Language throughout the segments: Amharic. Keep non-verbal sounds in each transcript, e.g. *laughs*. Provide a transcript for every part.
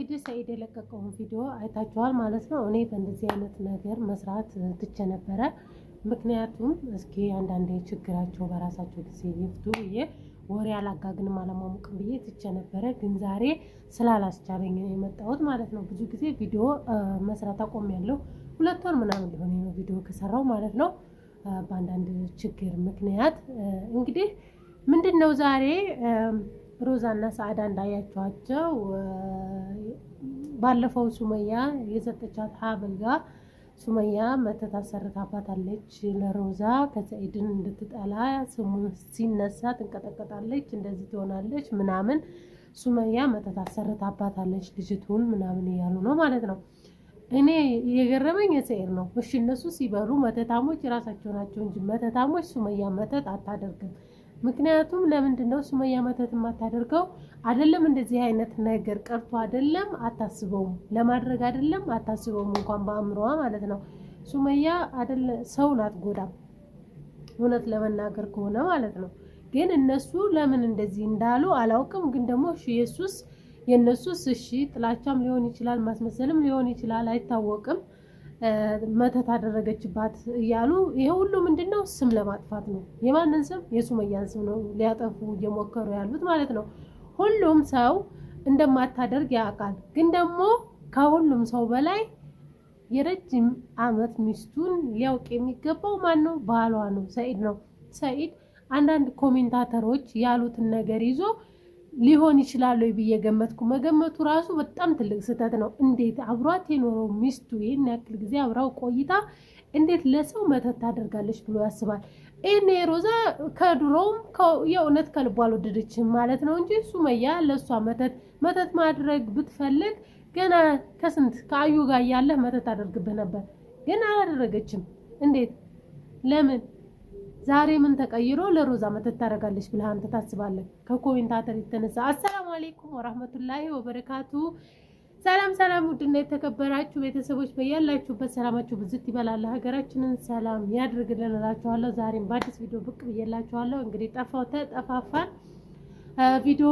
እንግዲህ ሰይድ የለቀቀውን ቪዲዮ አይታችኋል ማለት ነው። እኔ በእንደዚህ አይነት ነገር መስራት ትቼ ነበረ። ምክንያቱም እስኪ አንዳንዴ ችግራቸው በራሳቸው ጊዜ ይፍቱ ብዬ ወሬ አላጋግንም አለማሙቅ ብዬ ትቼ ነበረ። ግን ዛሬ ስላላስቻለኝ ነው የመጣሁት ማለት ነው። ብዙ ጊዜ ቪዲዮ መስራት አቆሚያለሁ። ሁለት ወር ምናምን ሊሆን ነው ቪዲዮ ከሰራው ማለት ነው። በአንዳንድ ችግር ምክንያት እንግዲህ ምንድን ነው ዛሬ እና ሰዓዳ እንዳያቸዋቸው ባለፈው ሱመያ የሰጠቻት ሀብል ጋር ሱመያ መተት አሰርታባታለች ለሮዛ ከሰኢድን እንድትጠላ ስሙን ሲነሳ ትንቀጠቀጣለች፣ እንደዚህ ትሆናለች ምናምን ሱመያ መተት አሰርታባታለች ልጅቱን ምናምን እያሉ ነው ማለት ነው። እኔ የገረመኝ የሰኢድ ነው። እሺ እነሱ ሲበሉ መተታሞች የራሳቸው ናቸው እንጂ መተታሞች ሱመያ መተት አታደርግም። ምክንያቱም ለምንድን ነው ሱመያ መተት የማታደርገው? አይደለም እንደዚህ አይነት ነገር ቀርቶ አይደለም አታስበውም፣ ለማድረግ አይደለም አታስበውም፣ እንኳን በአእምሮዋ ማለት ነው። ሱመያ አይደለ ሰውን አትጎዳም፣ እውነት ለመናገር ከሆነ ማለት ነው። ግን እነሱ ለምን እንደዚህ እንዳሉ አላውቅም። ግን ደግሞ የሱስ የእነሱስ እሺ ጥላቻም ሊሆን ይችላል፣ ማስመሰልም ሊሆን ይችላል፣ አይታወቅም። መተት አደረገችባት እያሉ ይሄ ሁሉ ምንድን ነው? ስም ለማጥፋት ነው። የማንን ስም? የሱመያን ስም ነው ሊያጠፉ እየሞከሩ ያሉት ማለት ነው። ሁሉም ሰው እንደማታደርግ ያውቃል። ግን ደግሞ ከሁሉም ሰው በላይ የረጅም አመት ሚስቱን ሊያውቅ የሚገባው ማን ነው? ባሏ ነው፣ ሰኢድ ነው። ሰኢድ አንዳንድ ኮሜንታተሮች ያሉትን ነገር ይዞ ሊሆን ይችላል ወይ ብዬ ገመትኩ። መገመቱ ራሱ በጣም ትልቅ ስህተት ነው። እንዴት አብሯት የኖረው ሚስቱ ይህን ያክል ጊዜ አብራው ቆይታ እንዴት ለሰው መተት ታደርጋለች ብሎ ያስባል። ይህኔ ሮዛ ከድሮውም የእውነት ከልቧ አልወደደችም ማለት ነው እንጂ ሱመያ ለእሷ መተት መተት ማድረግ ብትፈልግ ገና ከስንት ከአዩ ጋር እያለህ መተት አደርግብህ ነበር፣ ግን አላደረገችም። እንዴት ለምን ዛሬ ምን ተቀይሮ ለሮዛ መተት ታደርጋለች ብለህ አንተ ታስባለህ? ከኮሜንታተር የተነሳ አሰላሙ አሌይኩም ወራህመቱላሂ ወበረካቱ። ሰላም ሰላም፣ ውድና የተከበራችሁ ቤተሰቦች በያላችሁበት ሰላማችሁ ብዝት ይበላል። ሀገራችንን ሰላም ያድርግልን እላችኋለሁ። ዛሬም በአዲስ ቪዲዮ ብቅ ብዬላችኋለሁ። እንግዲህ ጠፋው ተጠፋፋን ቪዲዮ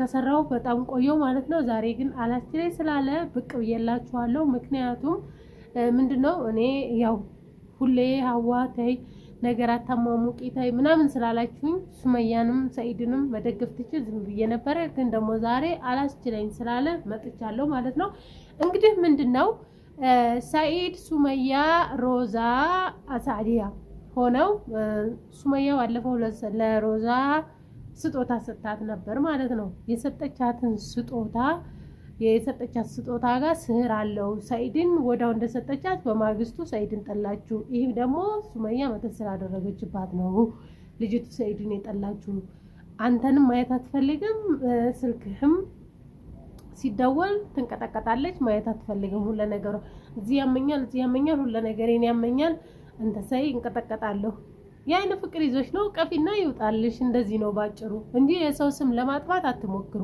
ከሰራው በጣም ቆየው ማለት ነው። ዛሬ ግን አላስችለኝ ስላለ ብቅ ብዬላችኋለሁ። ምክንያቱም ምንድነው እኔ ያው ሁሌ ሀዋ ተይ ነገር አታሟሙቂ ታይ ምናምን ስላላችሁኝ ሱመያንም ሰኢድንም መደገፍ ትችል ዝም ብዬ ነበረ። ግን ደግሞ ዛሬ አላስችለኝ ስላለ መጥቻለሁ ማለት ነው። እንግዲህ ምንድን ነው ሰኢድ፣ ሱመያ፣ ሮዛ አሳዲያ ሆነው ሱመያ ባለፈው ለሮዛ ስጦታ ሰጥታት ነበር ማለት ነው። የሰጠቻትን ስጦታ የሰጠቻት ስጦታ ጋር ስህር አለው። ሰኢድን ወዳው እንደሰጠቻት በማግስቱ ሰኢድን ጠላችሁ። ይህ ደግሞ ሱመያ መጠን ስላደረገችባት ነው ልጅቱ ሰኢድን የጠላችሁ። አንተንም ማየት አትፈልግም። ስልክህም ሲደወል ትንቀጠቀጣለች። ማየት አትፈልግም። ሁለ ነገሩ እዚህ ያመኛል፣ እዚህ ያመኛል፣ ሁለ ነገሬን ያመኛል። አንተ ሰይ እንቀጠቀጣለሁ። የአይን ፍቅር ይዞች ነው። ቀፊና ይውጣልሽ። እንደዚህ ነው ባጭሩ፣ እንጂ የሰው ስም ለማጥፋት አትሞክሩ።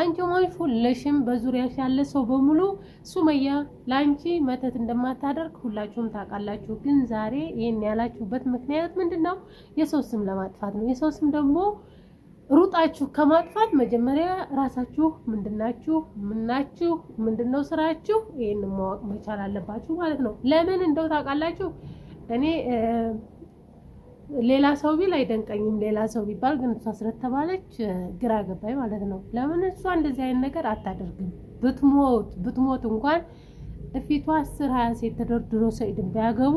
አንቺ ሆንሽ ሁለሽም በዙሪያሽ ያለ ሰው በሙሉ ሱመያ ለአንቺ መተት እንደማታደርግ ሁላችሁም ታውቃላችሁ። ግን ዛሬ ይህን ያላችሁበት ምክንያት ምንድን ነው? የሰው ስም ለማጥፋት ነው። የሰው ስም ደግሞ ሩጣችሁ ከማጥፋት መጀመሪያ ራሳችሁ ምንድናችሁ? ምናችሁ? ምንድነው ስራችሁ? ይህን ማወቅ መቻል አለባችሁ ማለት ነው። ለምን እንደው ታውቃላችሁ እኔ ሌላ ሰው ቢል አይደንቀኝም። ሌላ ሰው ቢባል ግን እሷ ስለተባለች ግራ ገባኝ ማለት ነው። ለምን እሷ እንደዚህ አይነት ነገር አታደርግም። ብትሞት ብትሞት እንኳን እፊቱ አስር ሀያ ሴት ተደርድሮ ሰኢድን ቢያገቡ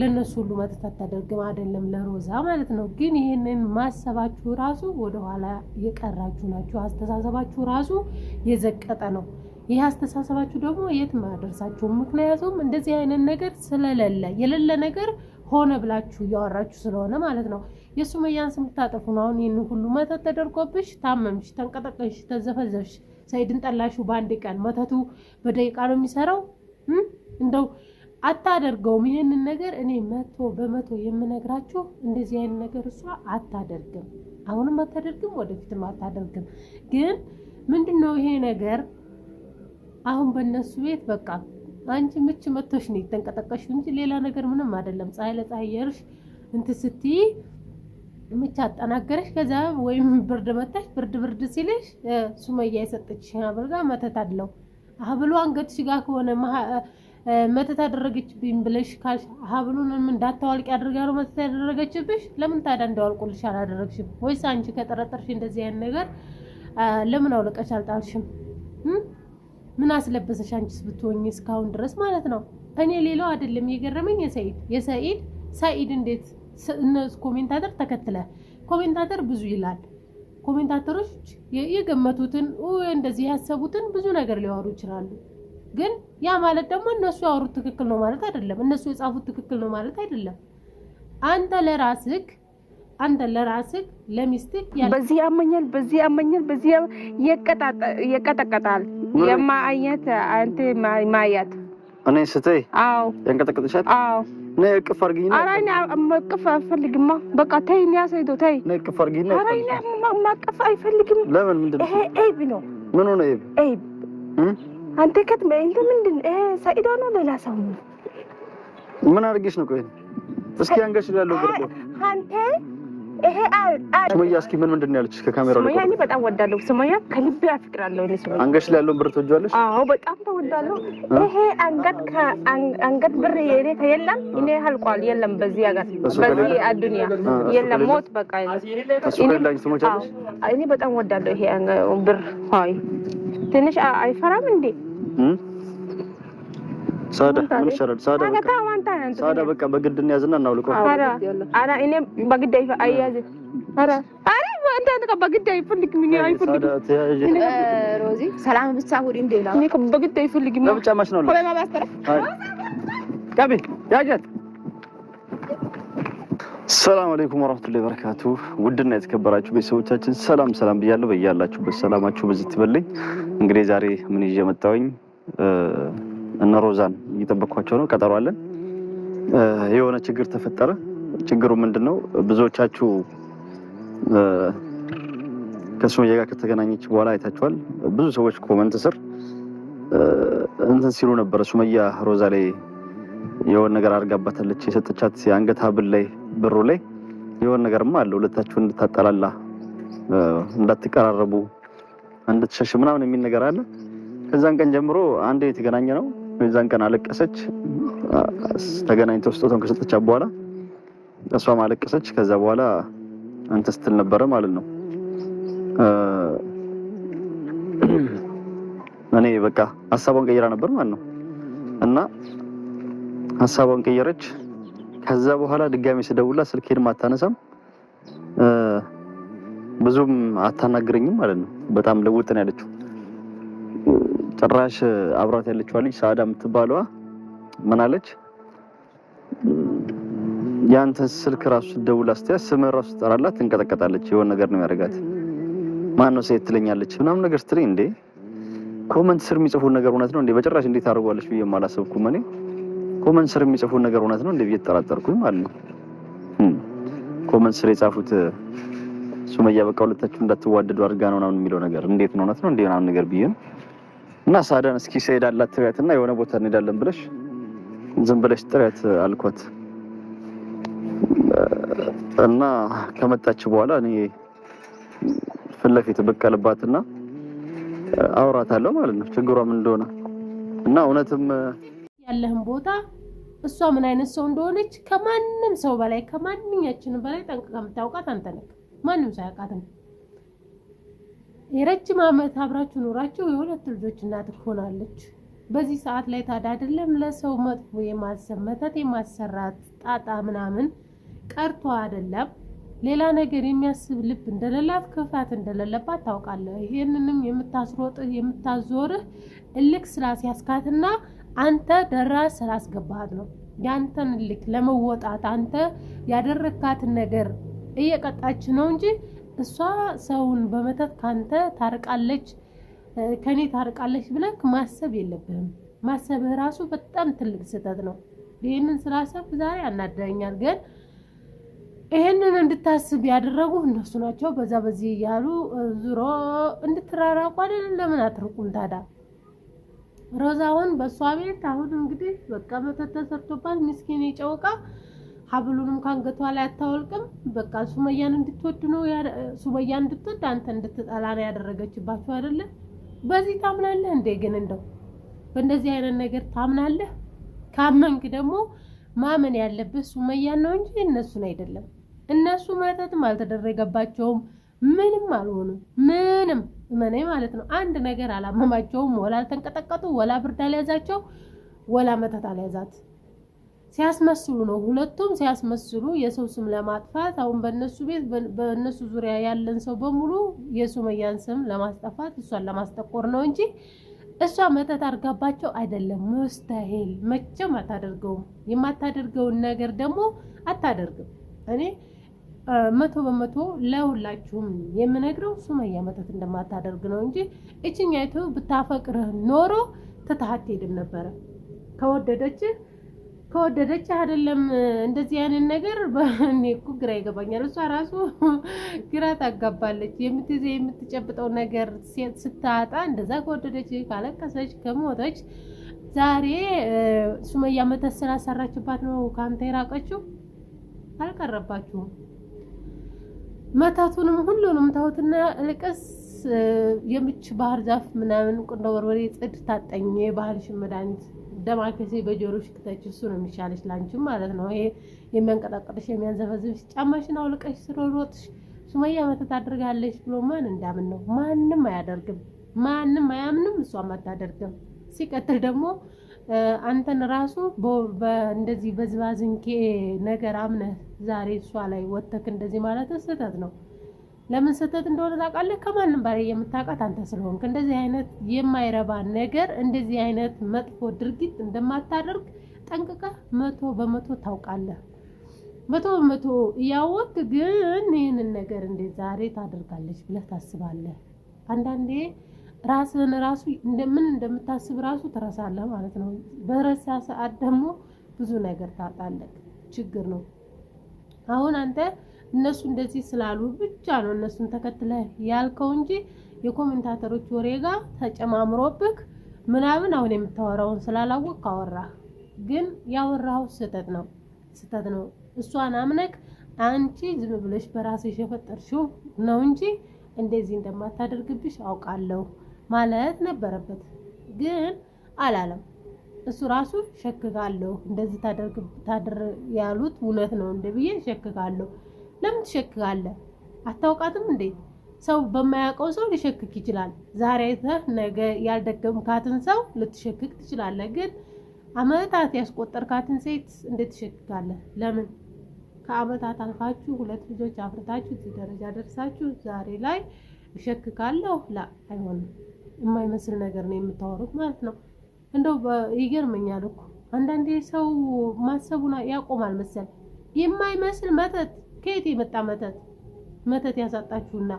ለእነሱ ሁሉ መጥት አታደርግም። አይደለም ለሮዛ ማለት ነው። ግን ይህንን ማሰባችሁ ራሱ ወደኋላ የቀራችሁ ናችሁ። አስተሳሰባችሁ ራሱ የዘቀጠ ነው። ይህ አስተሳሰባችሁ ደግሞ የት አያደርሳችሁም። ምክንያቱም እንደዚህ አይነት ነገር ስለሌለ የሌለ ነገር ሆነ ብላችሁ እያወራችሁ ስለሆነ ማለት ነው። የሱመያን ስም ልታጠፉ ነው። አሁን ይህን ሁሉ መተት ተደርጎብሽ ታመምሽ፣ ተንቀጠቀሽ፣ ተዘፈዘፍሽ፣ ሰይድን ጠላሹ። በአንድ ቀን። መተቱ በደቂቃ ነው የሚሰራው። እንደው አታደርገውም ይህንን ነገር። እኔ መቶ በመቶ የምነግራችሁ እንደዚህ አይነት ነገር እሷ አታደርግም፣ አሁንም አታደርግም፣ ወደፊትም አታደርግም። ግን ምንድን ነው ይሄ ነገር አሁን በእነሱ ቤት በቃ አንቺ ምች መቶሽ ነው የተንቀጠቀሽው እንጂ ሌላ ነገር ምንም አይደለም። ፀሐይ ለፀሐይ የርሽ እንት ስቲ ምች አጠናገረሽ። ከዛ ወይም ብርድ መታሽ፣ ብርድ ብርድ ሲልሽ ሱመያ የሰጠችሽ ብርዳ መተት አለው ሀብሉ አንገትሽ ጋር ከሆነ መተት አደረገችብኝ ብለሽ ካልሽ ሀብሉን እንዳታዋልቂ አድርጋ ነው መተት ያደረገችብሽ። ለምን ታዲያ እንዳዋልቁልሽ አላደረግሽም? ወይስ አንቺ ከጠረጠርሽ እንደዚህ አይነት ነገር ለምን አውልቀሽ አልጣልሽም? ምን አስለበሰሽ አንቺስ ብትሆኝ እስካሁን ድረስ ማለት ነው። እኔ ሌላው አይደለም የገረመኝ የሰኢድ የሰኢድ ሰኢድ እንዴት ኮሜንታተር ተከትለ ኮሜንታተር ብዙ ይላል። ኮሜንታተሮች የገመቱትን እንደዚህ ያሰቡትን ብዙ ነገር ሊያወሩ ይችላሉ። ግን ያ ማለት ደግሞ እነሱ ያወሩት ትክክል ነው ማለት አይደለም። እነሱ የጻፉት ትክክል ነው ማለት አይደለም። አንተ ለራስህ አንተ ለራስህ ለሚስትህ በዚህ ያመኛል፣ በዚህ ያመኛል፣ በዚህ ይቀጠቀጣል። የማየት አንተ ማያት እኔ ስትይ አዎ፣ ያንቀጠቀጥሻል። አዎ፣ ነይ እቅፍ አድርጊኝ። ኧረ እኔ እቅፍ አልፈልግም። በቃ ተይ፣ እኔ አሳይቶ ተይ፣ እኔ እቅፍ አድርጊኝ። ኧረ እኔ ማቀፍ አይፈልግም። ለምን? ምንድን ነው? ኤብ ነው። ምን ሆነ? ኤብ ኤብ አንተ ከት እንትን ምንድን ሰኢዳ ነው ሌላ ሰው ነው? ምን አድርጌሽ ነው? ቆይ እስኪ አንገሽ ያለው አንተ ይሄ ሱመያ እስኪ ምን ምንድን ነው ያለችሽ? ከካሜራው ላይ ሱመያ በጣም ወዳለሁ። ሱመያ ከልቤ አፍቅራለሁ። እኔ ሱመያ አንገሽ ላይ ያለውን ብር ትወጃለሽ? አዎ በጣም ተወዳለሁ። ይሄ አንገት ከአንገት ብር የኔ ከየለም እኔ አልቋል። የለም በዚህ ሀገር በዚህ አዱንያ የለም ሞት በቃ እኔ በጣም ወዳለሁ። ይሄ ብር አይ ትንሽ አይፈራም እንዴ ሳዳ ምን ይሻላል ሳዳ አንተ አንተ ሳዳ በቃ በግድ እንያዝና እናውልቀው። ኧረ ኧረ እኔ በግድ አይያዝም። ኧረ ኧረ አንተ በግድ አይፈልግም። እኔ ሮዚ ሰላም ብቻ ሁሪ እንደላ እኔ በግድ አይፈልግም። ማሽ ነው ጋቢ ያጀት ሰላም አለይኩም ወራህመቱላሂ ወበረካቱ። ውድና የተከበራችሁ ቤተሰቦቻችን ሰላም ሰላም ብያለሁ። በያላችሁበት ሰላማችሁ በዚህ ትበልኝ። እንግዲህ ዛሬ ምን ይዤ መጣሁኝ? እነ ሮዛን ነው። ቀጠሮ አለን። የሆነ ችግር ተፈጠረ። ችግሩ ምንድን ነው? ብዙዎቻችሁ ከሱመያ ጋር ከተገናኘች በኋላ አይታችኋል። ብዙ ሰዎች ኮመንት ስር እንትን ሲሉ ነበረ። ሱመያ ሮዛ ላይ የሆነ ነገር አድርጋባታለች። የሰጠቻት የአንገት ሀብል ላይ ብሩ ላይ የሆነ ነገርማ አለ። ሁለታችሁ እንድታጠላላ፣ እንዳትቀራረቡ፣ እንድትሸሽ ምናምን የሚል ነገር አለ። ከዛን ቀን ጀምሮ አንዴ የተገናኘ ነው የዛን ቀን አለቀሰች። ተገናኝተው ስጦታውን ከሰጠቻት በኋላ እሷም አለቀሰች። ከዛ በኋላ አንተ ስትል ነበረ ማለት ነው። እኔ በቃ ሀሳቧን ቀይራ ነበር ማለት ነው እና ሀሳቧን ቀየረች። ከዛ በኋላ ድጋሚ ስደውላ ስልኬንም አታነሳም፣ ብዙም አታናግረኝም ማለት ነው። በጣም ለውጥ ነው ያለችው። ጭራሽ አብራት ያለችዋ ልጅ ሳዳ የምትባለዋ ምን አለች? ያንተ ስልክ ራሱ ደውል አስተያ ስም ራሱ ትጠራላት ትንቀጠቀጣለች። የሆነ ነገር ነው ያደርጋት። ማን ነው ሴት ትለኛለች ምናምን ነገር ስትለኝ፣ እንዴ ኮመንት ስር የሚጽፉ ነገር እውነት ነው እንዴ? በጭራሽ እንዴት አድርጓለች ብዬ አላሰብኩም። እኔ ኮመንት ስር የሚጽፉ ነገር እውነት ነው እንዴ ብዬ ተጠራጠርኩኝ ማለት ነው። ኮመንት ስር የጻፉት ሱመያ በቃ ሁለታችሁ እንዳትዋደዱ አድርጋ ነው ምናምን የሚለው ነገር እንዴት ነው እውነት ነው እንዴ ምናምን ነገር ብዬ እና ሳዳን እስኪ ሰይድ አላት ትሪያት እና የሆነ ቦታ እንሄዳለን ብለሽ ዝም ብለሽ ጥሪያት አልኳት እና ከመጣች በኋላ እኔ ፊት ለፊት አውራት አለው አውራታለሁ ማለት ነው ችግሯ ምን እንደሆነ እና እውነትም ያለህን ቦታ እሷ ምን አይነት ሰው እንደሆነች ከማንም ሰው በላይ ከማንኛችንም በላይ ጠንቅቀህ የምታውቃት አንተ ነህ። ማንም ሰው አያውቃትም። የረጅም ዓመት አብራችሁ ኖራችሁ የሁለት ልጆች እናት ትሆናለች። በዚህ ሰዓት ላይ ታዲያ አይደለም ለሰው መጥፎ የማሰብ መተት የማሰራት ጣጣ ምናምን ቀርቶ አይደለም ሌላ ነገር የሚያስብ ልብ እንደሌላት ክፋት እንደሌለባት ታውቃለህ። ይህንንም የምታስሮጥህ የምታዞርህ እልክ ስላስያዝካትና አንተ ደራስ ስላስገባት ነው። ያንተን እልክ ለመወጣት አንተ ያደረግካትን ነገር እየቀጣች ነው እንጂ እሷ ሰውን በመተት ካንተ ታርቃለች ከኔ ታርቃለች ብለህ ማሰብ የለብህም። ማሰብህ ራሱ በጣም ትልቅ ስህተት ነው። ይህንን ስላሰብ ዛሬ አናደኛል፣ ግን ይህንን እንድታስብ ያደረጉ እነሱ ናቸው። በዛ በዚህ እያሉ ዙሮ እንድትራራቁ አይደለም። ለምን አትርቁም ታዲያ? ሮዛውን በእሷ ቤት አሁን እንግዲህ በቃ መተት ተሰርቶባት ምስኪን የጨውቃ ሀብሉንም ከአንገቷ ላይ አታወልቅም። በቃ ሱመያን እንድትወድ ነው ሱመያን እንድትወድ አንተ እንድትጠላ ነው ያደረገችባቸው አይደለ? በዚህ ታምናለህ እንዴ? ግን እንደው በእንደዚህ አይነት ነገር ታምናለህ? ካመንክ ደግሞ ማመን ያለብህ ሱመያን ነው እንጂ እነሱን አይደለም። እነሱ መተትም አልተደረገባቸውም፣ ምንም አልሆኑም። ምንም እመኔ ማለት ነው አንድ ነገር አላመማቸውም። ወላ አልተንቀጠቀጡ፣ ወላ ብርድ አልያዛቸው፣ ወላ መተት አልያዛት። ሲያስመስሉ ነው። ሁለቱም ሲያስመስሉ የሰው ስም ለማጥፋት አሁን በእነሱ ቤት በእነሱ ዙሪያ ያለን ሰው በሙሉ የሱመያን ስም ለማስጠፋት እሷን ለማስጠቆር ነው እንጂ እሷ መተት አድርጋባቸው አይደለም። ሙስተሂል መቼም አታደርገውም። የማታደርገውን ነገር ደግሞ አታደርግም። እኔ መቶ በመቶ ለሁላችሁም የምነግረው ሱመያ መተት እንደማታደርግ ነው እንጂ እችኛይቱ ብታፈቅርህ ኖሮ ትተሃት ሄድም ነበረ ከወደደችህ ከወደደች አይደለም እንደዚህ አይነት ነገር በእኔ *laughs* እኮ ግራ ይገባኛል። እሷ ራሱ *laughs* ግራ ታጋባለች። የምትይዘ የምትጨብጠው ነገር ስታጣ እንደዛ ከወደደች ካለቀሰች ከሞተች ዛሬ ሱመያ መተት ስላሰራችባት ነው ከአንተ የራቀችው። አልቀረባችሁም። መተቱንም ሁሉንም ተውትና ልቅስ የምች ባህር ዛፍ ምናምን ቁንደ በርበሬ ጽድ ታጠኝ የባህልሽን መድኃኒት ደማከሴ በጆሮሽ ክተች፣ እሱ ነው የሚሻለሽ ላንቺም ማለት ነው። ይሄ የሚያንቀጣቀጥሽ የሚያንዘፈዝብሽ፣ ጫማሽን አውልቀሽ ስሮሮጥሽ ሱመያ መተት አድርጋለች ብሎ ማን እንዳምን ነው? ማንም አያደርግም፣ ማንም አያምንም፣ እሷም አታደርግም። ሲቀጥል ደግሞ አንተን ራሱ እንደዚህ በዝባዝንኬ ነገር አምነህ ዛሬ እሷ ላይ ወተክ እንደዚህ ማለት ስህተት ነው። ለምን ስህተት እንደሆነ ታውቃለህ። ከማንም በላይ የምታውቃት አንተ ስለሆንክ እንደዚህ አይነት የማይረባ ነገር እንደዚህ አይነት መጥፎ ድርጊት እንደማታደርግ ጠንቅቀህ መቶ በመቶ ታውቃለህ። መቶ በመቶ እያወቅ ግን ይህንን ነገር እንዴት ዛሬ ታደርጋለች ብለህ ታስባለህ። አንዳንዴ ራስህን ራሱ ምን እንደምታስብ ራሱ ትረሳለህ ማለት ነው። በረሳ ሰዓት ደግሞ ብዙ ነገር ታጣለህ። ችግር ነው አሁን አንተ እነሱ እንደዚህ ስላሉ ብቻ ነው እነሱን ተከትለ ያልከው እንጂ የኮሜንታተሮች ወሬ ጋር ተጨማምሮብክ ምናምን አሁን የምታወራውን ስላላወቅ አወራ ግን ያወራው ስህተት ነው ስህተት ነው። እሷን አምነክ አንቺ ዝም ብለሽ በራስሽ የፈጠርሽው ነው እንጂ እንደዚህ እንደማታደርግብሽ አውቃለሁ ማለት ነበረበት። ግን አላለም። እሱ ራሱ ሸክጋለሁ፣ እንደዚህ ታደርግ ያሉት እውነት ነው እንደ ብዬ ለምን ትሸክካለህ? አታውቃትም እንዴ? ሰው በማያውቀው ሰው ሊሸክክ ይችላል። ዛሬ አይተህ ነገ ያልደገምካትን ሰው ልትሸክክ ትችላለህ። ግን አመታት ያስቆጠርካትን ሴት እንዴት ትሸክካለህ? ለምን ከአመታት አልፋችሁ ሁለት ልጆች አፍርታችሁ እዚህ ደረጃ ደርሳችሁ ዛሬ ላይ እሸክካለሁ? ላ አይሆንም። የማይመስል ነገር ነው የምታወሩት ማለት ነው። እንደው ይገርመኛል እኮ አንዳንዴ ሰው ማሰቡን ያቆማል መሰል የማይመስል መተት ከየት የመጣ መተት መተት ያሳጣችሁና